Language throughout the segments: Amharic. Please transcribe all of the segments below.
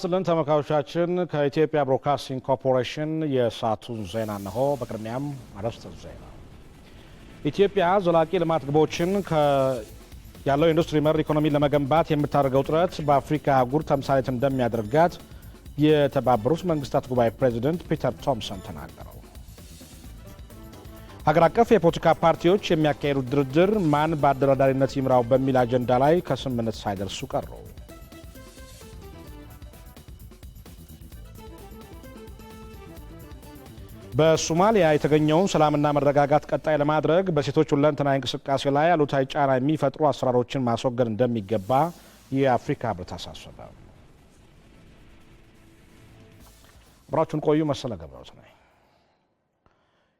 ስጥልን ተመልካቾቻችን፣ ከኢትዮጵያ ብሮድካስቲንግ ኮርፖሬሽን የሰዓቱን ዜና እነሆ። በቅድሚያም አርዕስተ ዜና። ኢትዮጵያ ዘላቂ ልማት ግቦችን ያለው ኢንዱስትሪ መር ኢኮኖሚ ለመገንባት የምታደርገው ጥረት በአፍሪካ አህጉር ተምሳሌት እንደሚያደርጋት የተባበሩት መንግስታት ጉባኤ ፕሬዚደንት ፒተር ቶምሰን ተናገረው። ሀገር አቀፍ የፖለቲካ ፓርቲዎች የሚያካሄዱት ድርድር ማን በአደራዳሪነት ይምራው በሚል አጀንዳ ላይ ከስምምነት ሳይደርሱ ቀረው። በሶማሊያ የተገኘውን ሰላምና መረጋጋት ቀጣይ ለማድረግ በሴቶች ሁለንተናዊ እንቅስቃሴ ላይ አሉታዊ ጫና የሚፈጥሩ አሰራሮችን ማስወገድ እንደሚገባ የአፍሪካ ህብረት አሳሰበ። አብራችሁን ቆዩ። መሰለ ገብረውት ነኝ።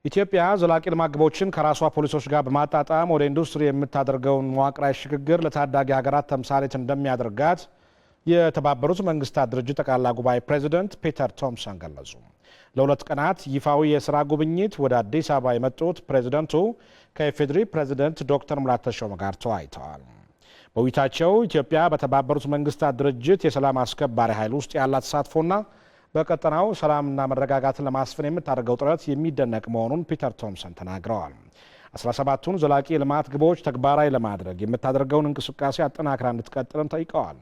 ኢትዮጵያ ዘላቂ ልማት ግቦችን ከራሷ ፖሊሶች ጋር በማጣጣም ወደ ኢንዱስትሪ የምታደርገውን መዋቅራዊ ሽግግር ለታዳጊ ሀገራት ተምሳሌት እንደሚያደርጋት የተባበሩት መንግስታት ድርጅት ጠቅላላ ጉባኤ ፕሬዚደንት ፒተር ቶምሰን ገለጹ። ለሁለት ቀናት ይፋዊ የስራ ጉብኝት ወደ አዲስ አበባ የመጡት ፕሬዚደንቱ ከኢፌዴሪ ፕሬዚደንት ዶክተር ሙላቱ ተሾመ ጋር ተወያይተዋል። በውይይታቸው ኢትዮጵያ በተባበሩት መንግስታት ድርጅት የሰላም አስከባሪ ኃይል ውስጥ ያላት ተሳትፎና በቀጠናው ሰላምና መረጋጋትን ለማስፈን የምታደርገው ጥረት የሚደነቅ መሆኑን ፒተር ቶምሰን ተናግረዋል። 17ቱን ዘላቂ የልማት ግቦች ተግባራዊ ለማድረግ የምታደርገውን እንቅስቃሴ አጠናክራ እንድትቀጥልም ጠይቀዋል።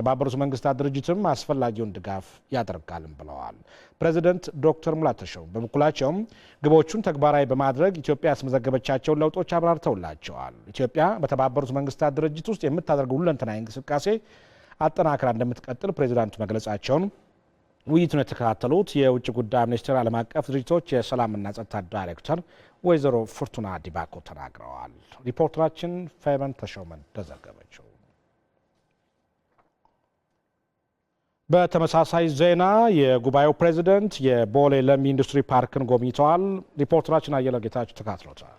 የተባበሩት መንግስታት ድርጅትም አስፈላጊውን ድጋፍ ያደርጋልም ብለዋል። ፕሬዚደንት ዶክተር ሙላቱ ተሾመ በበኩላቸውም ግቦቹን ተግባራዊ በማድረግ ኢትዮጵያ ያስመዘገበቻቸውን ለውጦች አብራርተውላቸዋል። ኢትዮጵያ በተባበሩት መንግስታት ድርጅት ውስጥ የምታደርገው ሁለንተናዊ እንቅስቃሴ አጠናክራ እንደምትቀጥል ፕሬዚዳንቱ መግለጻቸውን ውይይቱን የተከታተሉት የውጭ ጉዳይ ሚኒስቴር ዓለም አቀፍ ድርጅቶች የሰላምና ጸጥታ ዳይሬክተር ወይዘሮ ፍርቱና ዲባኮ ተናግረዋል። ሪፖርተራችን ፌቨን ተሾመን ተዘገበችው። በተመሳሳይ ዜና የጉባኤው ፕሬዚደንት የቦሌ ለሚ ኢንዱስትሪ ፓርክን ጎብኝተዋል። ሪፖርተራችን አየለ ጌታቸው ተካትሎታል።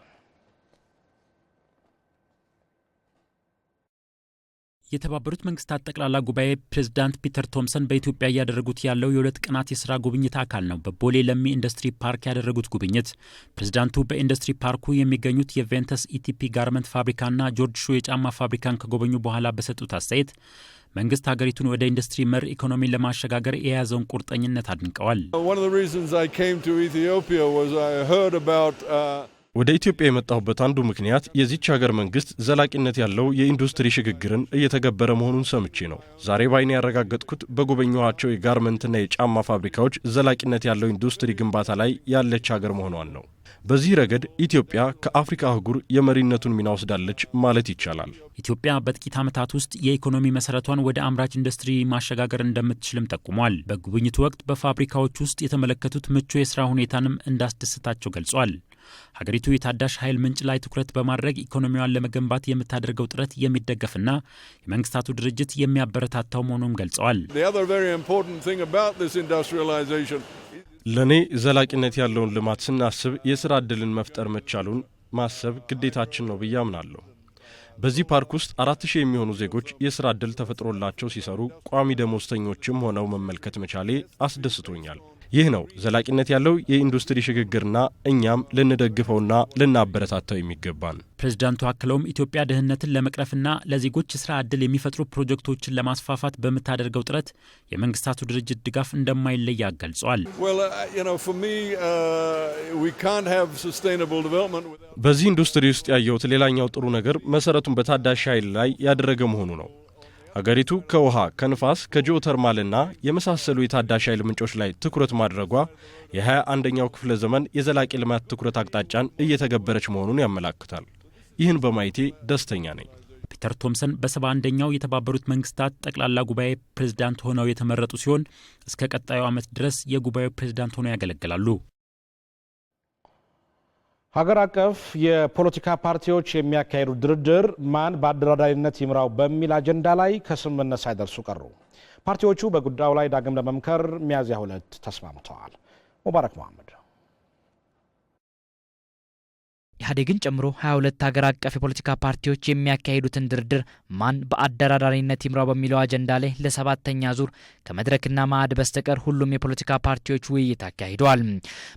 የተባበሩት መንግስታት ጠቅላላ ጉባኤ ፕሬዝዳንት ፒተር ቶምሰን በኢትዮጵያ እያደረጉት ያለው የሁለት ቀናት የስራ ጉብኝት አካል ነው። በቦሌ ለሚ ኢንዱስትሪ ፓርክ ያደረጉት ጉብኝት ፕሬዝዳንቱ በኢንዱስትሪ ፓርኩ የሚገኙት የቬንተስ ኢቲፒ ጋርመንት ፋብሪካና ጆርጅ ሹ የጫማ ፋብሪካን ከጎበኙ በኋላ በሰጡት አስተያየት መንግስት ሀገሪቱን ወደ ኢንዱስትሪ መር ኢኮኖሚን ለማሸጋገር የያዘውን ቁርጠኝነት አድንቀዋል። uh, ወደ ኢትዮጵያ የመጣሁበት አንዱ ምክንያት የዚች ሀገር መንግስት ዘላቂነት ያለው የኢንዱስትሪ ሽግግርን እየተገበረ መሆኑን ሰምቼ ነው። ዛሬ በዓይኔ ያረጋገጥኩት በጎበኘኋቸው የጋርመንትና የጫማ ፋብሪካዎች ዘላቂነት ያለው ኢንዱስትሪ ግንባታ ላይ ያለች ሀገር መሆኗን ነው። በዚህ ረገድ ኢትዮጵያ ከአፍሪካ አህጉር የመሪነቱን ሚና ወስዳለች ማለት ይቻላል። ኢትዮጵያ በጥቂት ዓመታት ውስጥ የኢኮኖሚ መሰረቷን ወደ አምራች ኢንዱስትሪ ማሸጋገር እንደምትችልም ጠቁሟል። በጉብኝቱ ወቅት በፋብሪካዎች ውስጥ የተመለከቱት ምቹ የስራ ሁኔታንም እንዳስደስታቸው ገልጿል። ሀገሪቱ የታዳሽ ኃይል ምንጭ ላይ ትኩረት በማድረግ ኢኮኖሚዋን ለመገንባት የምታደርገው ጥረት የሚደገፍና የመንግስታቱ ድርጅት የሚያበረታታው መሆኑም ገልጸዋል። ለእኔ ዘላቂነት ያለውን ልማት ስናስብ የሥራ ዕድልን መፍጠር መቻሉን ማሰብ ግዴታችን ነው ብዬ አምናለሁ። በዚህ ፓርክ ውስጥ አራት ሺህ የሚሆኑ ዜጎች የሥራ ዕድል ተፈጥሮላቸው ሲሰሩ ቋሚ ደሞዝተኞችም ሆነው መመልከት መቻሌ አስደስቶኛል። ይህ ነው ዘላቂነት ያለው የኢንዱስትሪ ሽግግርና እኛም ልንደግፈውና ልናበረታታው የሚገባን። ፕሬዚዳንቱ አክለውም ኢትዮጵያ ድህነትን ለመቅረፍና ለዜጎች ስራ ዕድል የሚፈጥሩ ፕሮጀክቶችን ለማስፋፋት በምታደርገው ጥረት የመንግስታቱ ድርጅት ድጋፍ እንደማይለይ ገልጿል። uh, uh, በዚህ ኢንዱስትሪ ውስጥ ያየሁት ሌላኛው ጥሩ ነገር መሰረቱን በታዳሽ ኃይል ላይ ያደረገ መሆኑ ነው። ሀገሪቱ ከውሃ ከንፋስ ከጂኦተርማልና የመሳሰሉ የታዳሽ ኃይል ምንጮች ላይ ትኩረት ማድረጓ የ21ኛው ክፍለ ዘመን የዘላቂ ልማት ትኩረት አቅጣጫን እየተገበረች መሆኑን ያመላክታል። ይህን በማየቴ ደስተኛ ነኝ። ፒተር ቶምሰን በ71ኛው የተባበሩት መንግስታት ጠቅላላ ጉባኤ ፕሬዝዳንት ሆነው የተመረጡ ሲሆን እስከ ቀጣዩ ዓመት ድረስ የጉባኤው ፕሬዝዳንት ሆነው ያገለግላሉ። ሀገር አቀፍ የፖለቲካ ፓርቲዎች የሚያካሂዱት ድርድር ማን በአደራዳሪነት ይምራው በሚል አጀንዳ ላይ ከስምምነት ሳይደርሱ ቀሩ። ፓርቲዎቹ በጉዳዩ ላይ ዳግም ለመምከር ሚያዝያ ሁለት ተስማምተዋል። ሙባረክ መሐመድ ኢህአዴግን ጨምሮ 22 ሀገር አቀፍ የፖለቲካ ፓርቲዎች የሚያካሂዱትን ድርድር ማን በአደራዳሪነት ይምራው በሚለው አጀንዳ ላይ ለሰባተኛ ዙር ከመድረክና ማዕድ በስተቀር ሁሉም የፖለቲካ ፓርቲዎች ውይይት አካሂደዋል።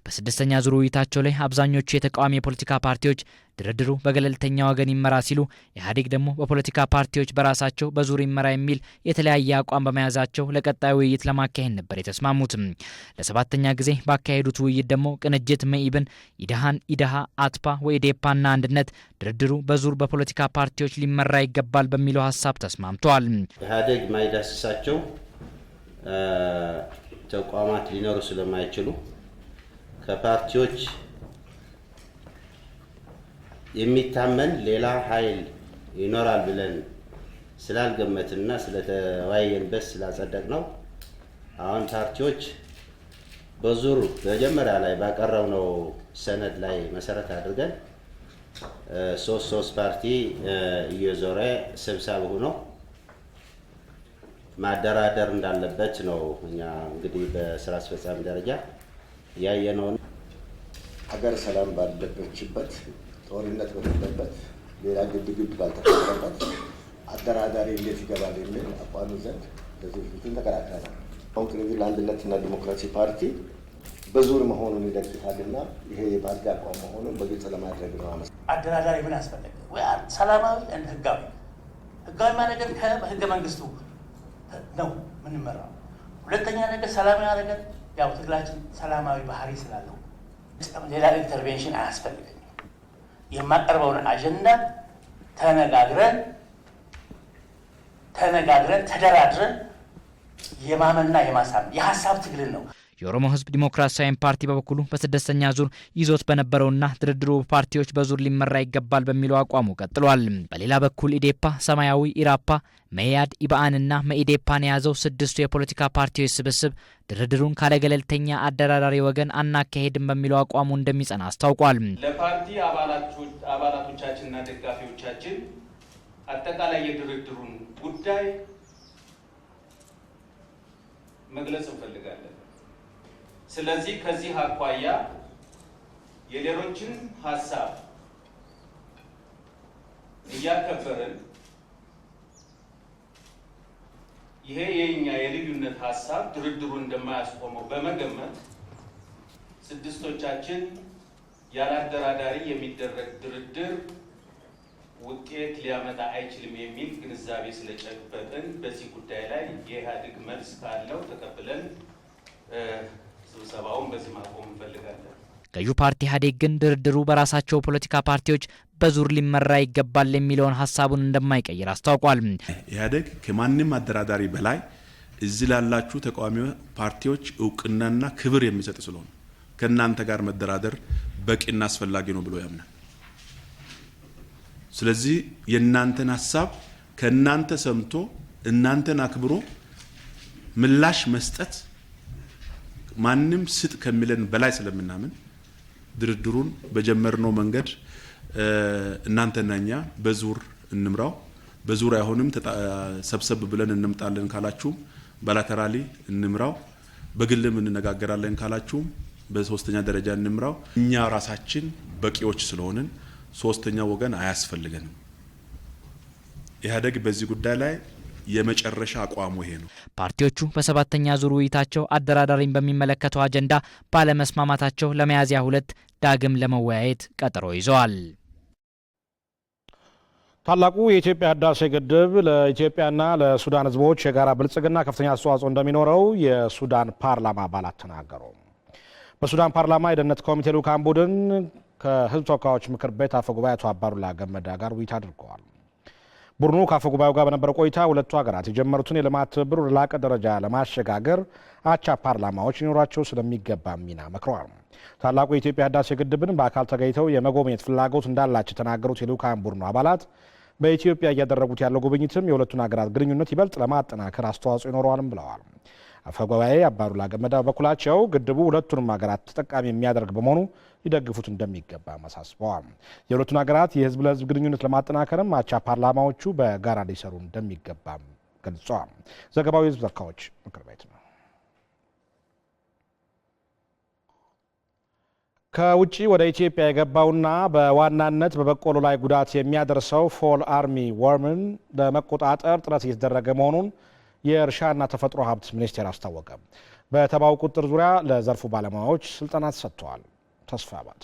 በስድስተኛ ዙር ውይይታቸው ላይ አብዛኞቹ የተቃዋሚ የፖለቲካ ፓርቲዎች ድርድሩ በገለልተኛ ወገን ይመራ ሲሉ፣ ኢህአዴግ ደግሞ በፖለቲካ ፓርቲዎች በራሳቸው በዙር ይመራ የሚል የተለያየ አቋም በመያዛቸው ለቀጣዩ ውይይት ለማካሄድ ነበር የተስማሙትም። ለሰባተኛ ጊዜ ባካሄዱት ውይይት ደግሞ ቅንጅት መኢብን፣ ኢድሃን፣ ኢድሃ፣ አትፓ፣ ወኢዴፓና አንድነት ድርድሩ በዙር በፖለቲካ ፓርቲዎች ሊመራ ይገባል በሚለው ሀሳብ ተስማምተዋል። ኢህአዴግ ማይዳስሳቸው ተቋማት ሊኖሩ ስለማይችሉ ከፓርቲዎች የሚታመን ሌላ ኃይል ይኖራል ብለን ስላልገመትና ስለተወያየንበት ስላጸደቅ ነው። አሁን ፓርቲዎች በዙር መጀመሪያ ላይ ባቀረብነው ሰነድ ላይ መሰረት አድርገን ሶስት ሶስት ፓርቲ እየዞረ ስብሰባ ሆኖ ማደራደር እንዳለበት ነው። እኛ እንግዲህ በስራ አስፈጻሚ ደረጃ ያየነውን ሀገር ሰላም ባለበችበት ጦርነት በሌለበት ሌላ ግድግድ ባልተፈጠረበት አደራዳሪ እንዴት ይገባል የሚል አቋሚ ዘንድ ከዚህ በፊትም ተከራክረናል። ኮንክሪቪ ለአንድነትና ዲሞክራሲ ፓርቲ በዙር መሆኑን ይደግፋልና ይሄ የፓርቲ አቋም መሆኑን በግልጽ ለማድረግ ነው። አመስ አደራዳሪ ምን አስፈለገ? ሰላማዊ ህጋዊ ህጋዊ ማነገር ከህገ መንግስቱ ነው የምንመራው። ሁለተኛ ነገር ሰላማዊ ነገር ያው ትግላችን ሰላማዊ ባህሪ ስላለው ሌላ ኢንተርቬንሽን አያስፈልገኝ የማቀርበውን አጀንዳ ተነጋግረን ተነጋግረን ተደራድረን የማመንና የማሳመን የሀሳብ ትግልን ነው። የኦሮሞ ህዝብ ዲሞክራሲያዊ ፓርቲ በበኩሉ በስድስተኛ ዙር ይዞት በነበረውና ድርድሩ ፓርቲዎች በዙር ሊመራ ይገባል በሚለው አቋሙ ቀጥሏል። በሌላ በኩል ኢዴፓ፣ ሰማያዊ፣ ኢራፓ፣ መያድ፣ ኢባአንና መኢዴፓን የያዘው ስድስቱ የፖለቲካ ፓርቲዎች ስብስብ ድርድሩን ካለ ገለልተኛ አደራዳሪ ወገን አናካሄድም በሚለው አቋሙ እንደሚጸና አስታውቋል። ለፓርቲ አባላቶቻችንና ደጋፊዎቻችን አጠቃላይ የድርድሩን ጉዳይ መግለጽ እንፈልጋለን። ስለዚህ ከዚህ አኳያ የሌሎችን ሀሳብ እያከበርን ይሄ የኛ የልዩነት ሀሳብ ድርድሩን እንደማያስቆመው በመገመት ስድስቶቻችን ያለ አደራዳሪ የሚደረግ ድርድር ውጤት ሊያመጣ አይችልም የሚል ግንዛቤ ስለጨበጥን በዚህ ጉዳይ ላይ የኢህአዴግ መልስ ካለው ተቀብለን ስብሰባውን በዚህ ማቆም እንፈልጋለን። ገዢው ፓርቲ ኢህአዴግ ግን ድርድሩ በራሳቸው ፖለቲካ ፓርቲዎች በዙር ሊመራ ይገባል የሚለውን ሀሳቡን እንደማይቀይር አስታውቋል። ኢህአዴግ ከማንም አደራዳሪ በላይ እዚህ ላላችሁ ተቃዋሚ ፓርቲዎች እውቅናና ክብር የሚሰጥ ስለሆነ ከእናንተ ጋር መደራደር በቂና አስፈላጊ ነው ብሎ ያምናል። ስለዚህ የእናንተን ሀሳብ ከእናንተ ሰምቶ እናንተን አክብሮ ምላሽ መስጠት ማንም ስጥ ከሚለን በላይ ስለምናምን ድርድሩን በጀመርነው መንገድ እናንተና እኛ በዙር እንምራው። በዙር አይሆንም ሰብሰብ ብለን እንምጣለን ካላችሁም ባላተራሊ እንምራው። በግልም እንነጋገራለን ካላችሁም በሶስተኛ ደረጃ እንምራው። እኛ ራሳችን በቂዎች ስለሆንን ሶስተኛ ወገን አያስፈልገንም። ኢህአዴግ በዚህ ጉዳይ ላይ የመጨረሻ አቋሙ ይሄ ነው። ፓርቲዎቹ በሰባተኛ ዙር ውይይታቸው አደራዳሪን በሚመለከተው አጀንዳ ባለመስማማታቸው ለሚያዝያ ሁለት ዳግም ለመወያየት ቀጠሮ ይዘዋል። ታላቁ የኢትዮጵያ ህዳሴ ግድብ ለኢትዮጵያና ለሱዳን ህዝቦች የጋራ ብልጽግና ከፍተኛ አስተዋጽኦ እንደሚኖረው የሱዳን ፓርላማ አባላት ተናገሩ። በሱዳን ፓርላማ የደህንነት ኮሚቴ ልዑካን ቡድን ከህዝብ ተወካዮች ምክር ቤት አፈ ጉባኤ አቶ አባዱላ ገመዳ ጋር ውይይት አድርገዋል። ቡድኑ ከአፈ ጉባኤው ጋር በነበረው ቆይታ ሁለቱ ሀገራት የጀመሩትን የልማት ትብብር ወደ ላቀ ደረጃ ለማሸጋገር አቻ ፓርላማዎች ሊኖራቸው ስለሚገባ ሚና መክረዋል። ታላቁ የኢትዮጵያ ህዳሴ ግድብን በአካል ተገኝተው የመጎብኘት ፍላጎት እንዳላቸው የተናገሩት የልዑካን ቡድኑ አባላት በኢትዮጵያ እያደረጉት ያለው ጉብኝትም የሁለቱን ሀገራት ግንኙነት ይበልጥ ለማጠናከር አስተዋጽኦ ይኖረዋልም ብለዋል። አፈጉባኤ አባዱላ ገመዳ በበኩላቸው ግድቡ ሁለቱንም ሀገራት ተጠቃሚ የሚያደርግ በመሆኑ ሊደግፉት እንደሚገባ አሳስበዋል። የሁለቱን ሀገራት የህዝብ ለህዝብ ግንኙነት ለማጠናከርም አቻ ፓርላማዎቹ በጋራ ሊሰሩ እንደሚገባ ገልጿል። ዘገባው የህዝብ ተወካዮች ምክር ቤት ነው። ከውጭ ወደ ኢትዮጵያ የገባውና በዋናነት በበቆሎ ላይ ጉዳት የሚያደርሰው ፎል አርሚ ወርምን ለመቆጣጠር ጥረት እየተደረገ መሆኑን የእርሻና ተፈጥሮ ሀብት ሚኒስቴር አስታወቀ። በተባው ቁጥር ዙሪያ ለዘርፉ ባለሙያዎች ስልጠና ተሰጥተዋል። ተስፋ አባት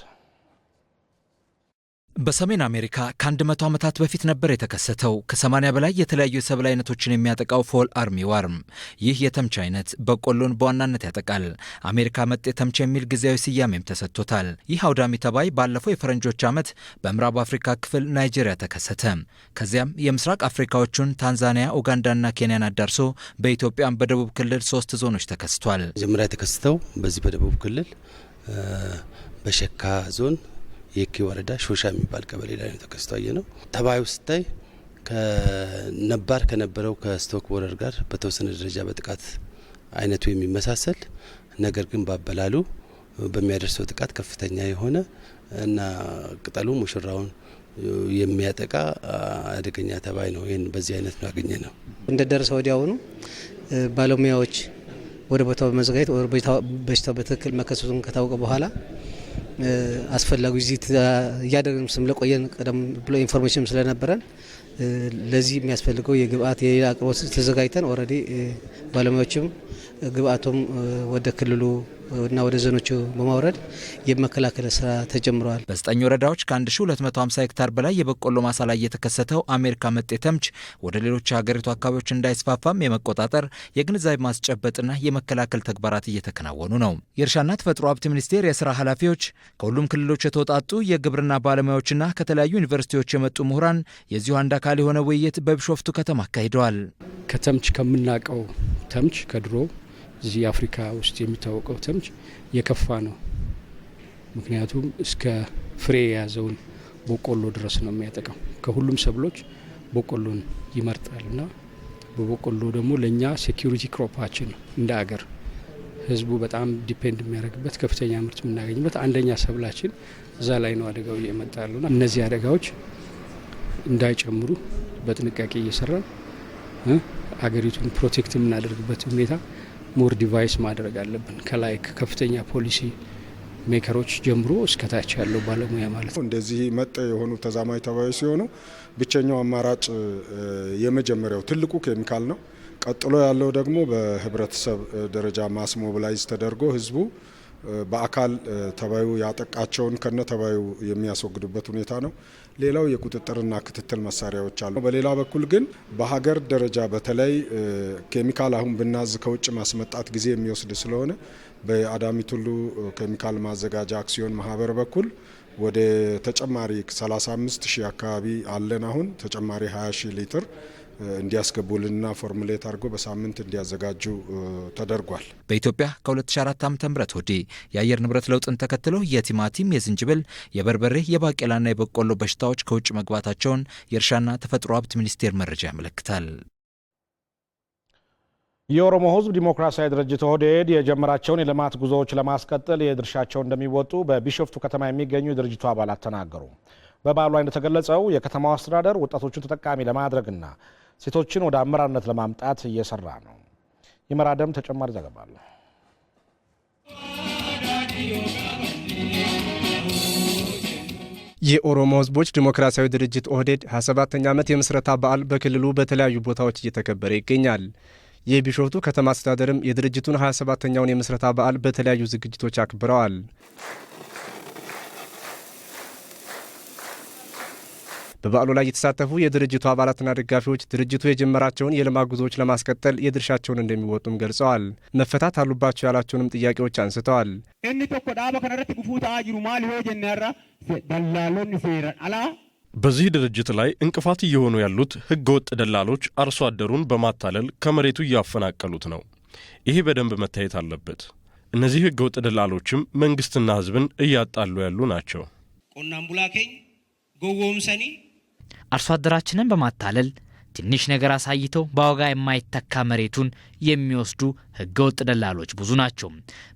በሰሜን አሜሪካ ከ100 ዓመታት በፊት ነበር የተከሰተው ከ80 በላይ የተለያዩ የሰብል አይነቶችን የሚያጠቃው ፎል አርሚ ዋርም። ይህ የተምች አይነት በቆሎን በዋናነት ያጠቃል። አሜሪካ መጤ ተምች የሚል ጊዜያዊ ስያሜም ተሰጥቶታል። ይህ አውዳሚ ተባይ ባለፈው የፈረንጆች ዓመት በምዕራብ አፍሪካ ክፍል ናይጄሪያ ተከሰተ። ከዚያም የምስራቅ አፍሪካዎቹን ታንዛኒያ፣ ኡጋንዳና ኬንያን አዳርሶ በኢትዮጵያም በደቡብ ክልል ሶስት ዞኖች ተከስቷል። መጀመሪያ የተከስተው በዚህ በደቡብ ክልል በሸካ ዞን የኪ ወረዳ ሾሻ የሚባል ቀበሌ ላይ ነው ተከስቶ ነው። ተባዩ ስታይ ከነባር ከነበረው ከስቶክ ቦረር ጋር በተወሰነ ደረጃ በጥቃት አይነቱ የሚመሳሰል ነገር ግን ባበላሉ በሚያደርሰው ጥቃት ከፍተኛ የሆነ እና ቅጠሉ ሙሽራውን የሚያጠቃ አደገኛ ተባይ ነው። ይህን በዚህ አይነት ነው ያገኘ ነው። ደረሰ ወዲያውኑ ባለሙያዎች ወደ ቦታው በመዘጋጀት በሽታው በትክክል መከሰቱን ከታወቀ በኋላ አስፈላጊ ዚት እያደረግን ለቆየን ቀደም ብሎ ኢንፎርሜሽን ስለነበረን ለዚህ የሚያስፈልገው የግብአት የሌላ አቅርቦት ተዘጋጅተን ኦልሬዲ ባለሙያዎችም ግብአቱም ወደ ክልሉ እና ወደ ዘኖቹ በማውረድ የመከላከል ስራ ተጀምረዋል። በዘጠኝ ወረዳዎች ከ1250 ሄክታር በላይ የበቆሎ ማሳ ላይ የተከሰተው አሜሪካ መጤ ተምች ወደ ሌሎች የሀገሪቱ አካባቢዎች እንዳይስፋፋም የመቆጣጠር የግንዛቤ ማስጨበጥና የመከላከል ተግባራት እየተከናወኑ ነው። የእርሻና ተፈጥሮ ሀብት ሚኒስቴር የስራ ኃላፊዎች፣ ከሁሉም ክልሎች የተውጣጡ የግብርና ባለሙያዎችና ከተለያዩ ዩኒቨርሲቲዎች የመጡ ምሁራን የዚሁ አንድ አካል የሆነ ውይይት በቢሾፍቱ ከተማ አካሂደዋል። ከተምች ከምናውቀው ተምች ከድሮ እዚህ አፍሪካ ውስጥ የሚታወቀው ተምች የከፋ ነው። ምክንያቱም እስከ ፍሬ የያዘውን በቆሎ ድረስ ነው የሚያጠቀው። ከሁሉም ሰብሎች በቆሎን ይመርጣል እና በበቆሎ ደግሞ ለእኛ ሴኪሪቲ ክሮፓችን ነው እንደ አገር ህዝቡ በጣም ዲፔንድ የሚያደርግበት ከፍተኛ ምርት የምናገኝበት አንደኛ ሰብላችን እዛ ላይ ነው አደጋው እየመጣ ያለውና እነዚህ አደጋዎች እንዳይጨምሩ በጥንቃቄ እየሰራን አገሪቱን ፕሮቴክት የምናደርግበት ሁኔታ ሞር ዲቫይስ ማድረግ አለብን። ከላይ ከፍተኛ ፖሊሲ ሜከሮች ጀምሮ እስከታች ያለው ባለሙያ ማለት ነው። እንደዚህ መጠ የሆኑ ተዛማኝ ተባዮች ሲሆኑ ብቸኛው አማራጭ የመጀመሪያው ትልቁ ኬሚካል ነው። ቀጥሎ ያለው ደግሞ በህብረተሰብ ደረጃ ማስሞብላይዝ ተደርጎ ህዝቡ በአካል ተባዩ ያጠቃቸውን ከነ ተባዩ የሚያስወግዱበት ሁኔታ ነው። ሌላው የቁጥጥርና ክትትል መሳሪያዎች አሉ። በሌላ በኩል ግን በሀገር ደረጃ በተለይ ኬሚካል አሁን ብናዝ ከውጭ ማስመጣት ጊዜ የሚወስድ ስለሆነ በአዳሚ ቱሉ ኬሚካል ማዘጋጃ አክሲዮን ማህበር በኩል ወደ ተጨማሪ 35 ሺህ አካባቢ አለን። አሁን ተጨማሪ 20 ሺህ ሊትር እንዲያስገቡልንና ፎርሙሌት አድርጎ በሳምንት እንዲያዘጋጁ ተደርጓል። በኢትዮጵያ ከ2004 ዓ ም ወዲህ የአየር ንብረት ለውጥን ተከትሎ የቲማቲም፣ የዝንጅብል፣ የበርበሬ፣ የባቄላና የበቆሎ በሽታዎች ከውጭ መግባታቸውን የእርሻና ተፈጥሮ ሀብት ሚኒስቴር መረጃ ያመለክታል። የኦሮሞ ህዝብ ዲሞክራሲያዊ ድርጅት ኦህዴድ የጀመራቸውን የልማት ጉዞዎች ለማስቀጠል የድርሻቸው እንደሚወጡ በቢሾፍቱ ከተማ የሚገኙ የድርጅቱ አባላት ተናገሩ። በባሉ እንደተገለጸው የከተማው አስተዳደር ወጣቶቹን ተጠቃሚ ለማድረግና ሴቶችን ወደ አመራርነት ለማምጣት እየሰራ ነው። የመራደም ተጨማሪ ዘገባ አለ። የኦሮሞ ህዝቦች ዲሞክራሲያዊ ድርጅት ኦህዴድ 27ኛ ዓመት የምስረታ በዓል በክልሉ በተለያዩ ቦታዎች እየተከበረ ይገኛል። የቢሾፍቱ ከተማ አስተዳደርም የድርጅቱን 27 ተኛውን የምስረታ በዓል በተለያዩ ዝግጅቶች አክብረዋል። በበዓሉ ላይ የተሳተፉ የድርጅቱ አባላትና ደጋፊዎች ድርጅቱ የጀመራቸውን የልማት ጉዞዎች ለማስቀጠል የድርሻቸውን እንደሚወጡም ገልጸዋል። መፈታት አሉባቸው ያላቸውንም ጥያቄዎች አንስተዋል። እኒ ቶኮ ዳባ ከነረት ጉፉ ማል ሆ ጀነራ ደላሎን ሴረን አላ በዚህ ድርጅት ላይ እንቅፋት እየሆኑ ያሉት ህገወጥ ደላሎች አርሶ አደሩን በማታለል ከመሬቱ እያፈናቀሉት ነው። ይሄ በደንብ መታየት አለበት። እነዚህ ህገወጥ ደላሎችም መንግስትና ህዝብን እያጣሉ ያሉ ናቸው። ቆናን ቡላኬኝ ጎጎምሰኒ አርሶ አደራችንን በማታለል ትንሽ ነገር አሳይተው በዋጋ የማይተካ መሬቱን የሚወስዱ ህገወጥ ደላሎች ብዙ ናቸው።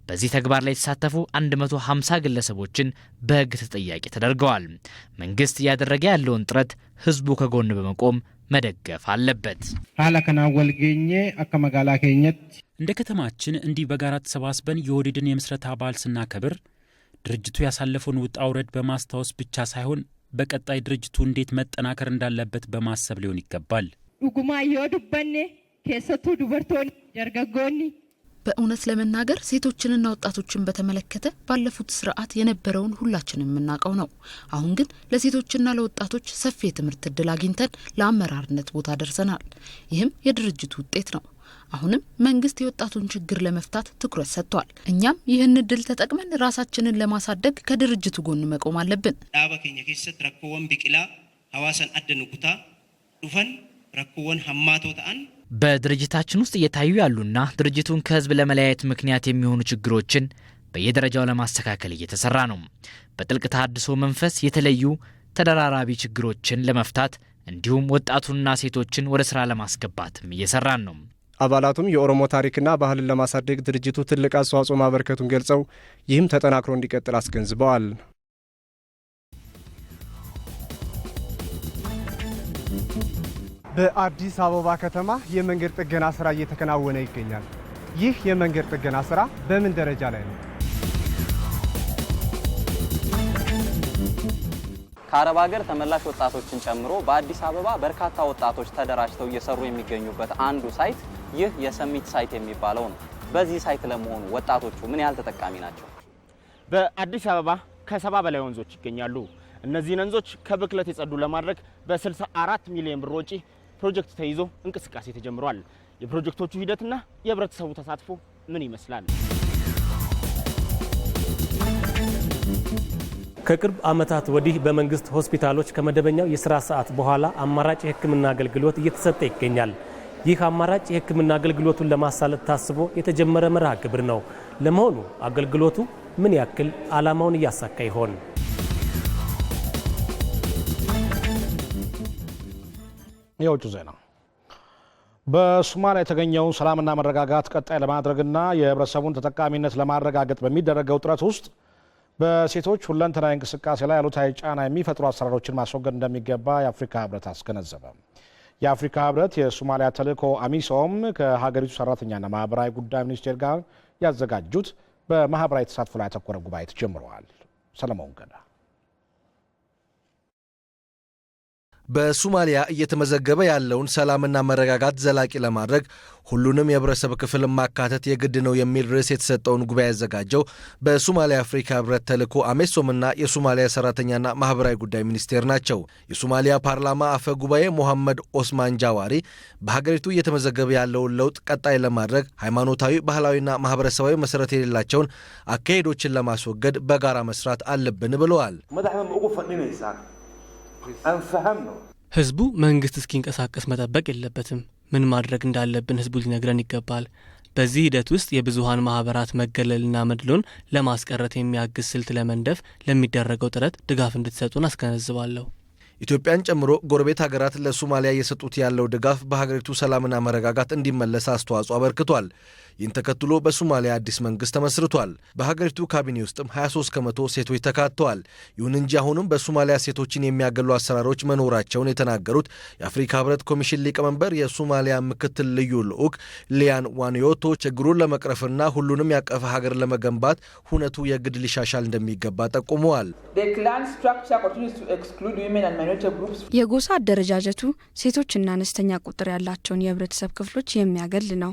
በዚህ ተግባር ላይ የተሳተፉ 150 ግለሰቦችን በህግ ተጠያቂ ተደርገዋል። መንግስት እያደረገ ያለውን ጥረት ህዝቡ ከጎን በመቆም መደገፍ አለበት። እንደ ከተማችን እንዲህ በጋራ ተሰባስበን የወዲድን የምስረታ በዓል ስናከብር ድርጅቱ ያሳለፈውን ውጣ ውረድ በማስታወስ ብቻ ሳይሆን በቀጣይ ድርጅቱ እንዴት መጠናከር እንዳለበት በማሰብ ሊሆን ይገባል። ጉማ የወዱበኔ ኬሰቱ ዱበርቶን ደርገጎኒ በእውነት ለመናገር ሴቶችንና ወጣቶችን በተመለከተ ባለፉት ስርዓት የነበረውን ሁላችንም የምናውቀው ነው። አሁን ግን ለሴቶችና ለወጣቶች ሰፊ የትምህርት እድል አግኝተን ለአመራርነት ቦታ ደርሰናል። ይህም የድርጅቱ ውጤት ነው። አሁንም መንግስት የወጣቱን ችግር ለመፍታት ትኩረት ሰጥቷል። እኛም ይህን እድል ተጠቅመን ራሳችንን ለማሳደግ ከድርጅቱ ጎን መቆም አለብን። ዳባ ኬኛ ኬሰት ረኮወን ቢቅላ ሀዋሰን አደን ጉታ ዱፈን ረኮወን ሀማቶ ተአን በድርጅታችን ውስጥ እየታዩ ያሉና ድርጅቱን ከህዝብ ለመለያየት ምክንያት የሚሆኑ ችግሮችን በየደረጃው ለማስተካከል እየተሰራ ነው። በጥልቅ ተሃድሶ መንፈስ የተለዩ ተደራራቢ ችግሮችን ለመፍታት እንዲሁም ወጣቱንና ሴቶችን ወደ ስራ ለማስገባትም እየሰራን ነው። አባላቱም የኦሮሞ ታሪክና ባህልን ለማሳደግ ድርጅቱ ትልቅ አስተዋጽኦ ማበረከቱን ገልጸው ይህም ተጠናክሮ እንዲቀጥል አስገንዝበዋል። በአዲስ አበባ ከተማ የመንገድ ጥገና ስራ እየተከናወነ ይገኛል። ይህ የመንገድ ጥገና ስራ በምን ደረጃ ላይ ነው? ከአረብ ሀገር ተመላሽ ወጣቶችን ጨምሮ በአዲስ አበባ በርካታ ወጣቶች ተደራጅተው እየሰሩ የሚገኙበት አንዱ ሳይት ይህ የሰሚት ሳይት የሚባለው ነው። በዚህ ሳይት ለመሆኑ ወጣቶቹ ምን ያህል ተጠቃሚ ናቸው? በአዲስ አበባ ከሰባ በላይ ወንዞች ይገኛሉ። እነዚህን ወንዞች ከብክለት የጸዱ ለማድረግ በ64 ሚሊዮን ብር ወጪ ፕሮጀክት ተይዞ እንቅስቃሴ ተጀምሯል። የፕሮጀክቶቹ ሂደትና የህብረተሰቡ ተሳትፎ ምን ይመስላል? ከቅርብ ዓመታት ወዲህ በመንግስት ሆስፒታሎች ከመደበኛው የስራ ሰዓት በኋላ አማራጭ የህክምና አገልግሎት እየተሰጠ ይገኛል። ይህ አማራጭ የህክምና አገልግሎቱን ለማሳለጥ ታስቦ የተጀመረ መርሃ ግብር ነው። ለመሆኑ አገልግሎቱ ምን ያክል ዓላማውን እያሳካ ይሆን? የውጭ ዜና በሶማሊያ የተገኘውን ሰላምና መረጋጋት ቀጣይ ለማድረግና የህብረተሰቡን ተጠቃሚነት ለማረጋገጥ በሚደረገው ጥረት ውስጥ በሴቶች ሁለንተናዊ እንቅስቃሴ ላይ አሉታዊ ጫና የሚፈጥሩ አሰራሮችን ማስወገድ እንደሚገባ የአፍሪካ ህብረት አስገነዘበ። የአፍሪካ ህብረት የሶማሊያ ተልእኮ አሚሶም ከሀገሪቱ ሰራተኛና ማህበራዊ ጉዳይ ሚኒስቴር ጋር ያዘጋጁት በማህበራዊ ተሳትፎ ላይ ያተኮረ ጉባኤ ተጀምረዋል። ሰለሞን ገዳ በሱማሊያ እየተመዘገበ ያለውን ሰላምና መረጋጋት ዘላቂ ለማድረግ ሁሉንም የህብረተሰብ ክፍል ማካተት የግድ ነው የሚል ርዕስ የተሰጠውን ጉባኤ ያዘጋጀው በሱማሊያ አፍሪካ ህብረት ተልኮ አሜሶምና የሱማሊያ ሰራተኛና ማህበራዊ ጉዳይ ሚኒስቴር ናቸው። የሱማሊያ ፓርላማ አፈ ጉባኤ ሞሐመድ ኦስማን ጃዋሪ በሀገሪቱ እየተመዘገበ ያለውን ለውጥ ቀጣይ ለማድረግ ሃይማኖታዊ፣ ባህላዊና ማህበረሰባዊ መሰረት የሌላቸውን አካሄዶችን ለማስወገድ በጋራ መስራት አለብን ብለዋል። አንፈሀም ነው። ህዝቡ መንግስት እስኪንቀሳቀስ መጠበቅ የለበትም። ምን ማድረግ እንዳለብን ህዝቡ ሊነግረን ይገባል። በዚህ ሂደት ውስጥ የብዙሀን ማህበራት መገለልና መድሎን ለማስቀረት የሚያግዝ ስልት ለመንደፍ ለሚደረገው ጥረት ድጋፍ እንድትሰጡን አስገነዝባለሁ። ኢትዮጵያን ጨምሮ ጎረቤት ሀገራት ለሶማሊያ እየሰጡት ያለው ድጋፍ በሀገሪቱ ሰላምና መረጋጋት እንዲመለስ አስተዋጽኦ አበርክቷል። ይህን ተከትሎ በሶማሊያ አዲስ መንግስት ተመስርቷል። በሀገሪቱ ካቢኔ ውስጥም 23 ከመቶ ሴቶች ተካተዋል። ይሁን እንጂ አሁንም በሶማሊያ ሴቶችን የሚያገሉ አሰራሮች መኖራቸውን የተናገሩት የአፍሪካ ህብረት ኮሚሽን ሊቀመንበር የሶማሊያ ምክትል ልዩ ልዑክ ሊያን ዋንዮቶ ችግሩን ለመቅረፍና ሁሉንም ያቀፈ ሀገር ለመገንባት ሁነቱ የግድ ሊሻሻል እንደሚገባ ጠቁመዋል። የጎሳ አደረጃጀቱ ሴቶችና አነስተኛ ቁጥር ያላቸውን የህብረተሰብ ክፍሎች የሚያገል ነው።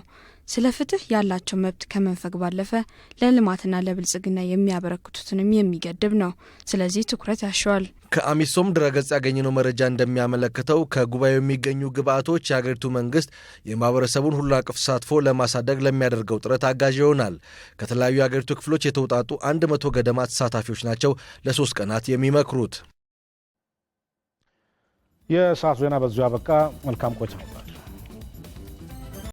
ስለ ፍትህ ያላቸው መብት ከመንፈግ ባለፈ ለልማትና ለብልጽግና የሚያበረክቱትንም የሚገድብ ነው። ስለዚህ ትኩረት ያሸዋል። ከአሚሶም ድረገጽ ያገኘነው መረጃ እንደሚያመለክተው ከጉባኤው የሚገኙ ግብአቶች የሀገሪቱ መንግስት የማህበረሰቡን ሁሉ አቀፍ ተሳትፎ ለማሳደግ ለሚያደርገው ጥረት አጋዥ ይሆናል። ከተለያዩ የሀገሪቱ ክፍሎች የተውጣጡ አንድ መቶ ገደማ ተሳታፊዎች ናቸው ለሶስት ቀናት የሚመክሩት። የሰዓት ዜና በዚሁ አበቃ። መልካም ቆይታ።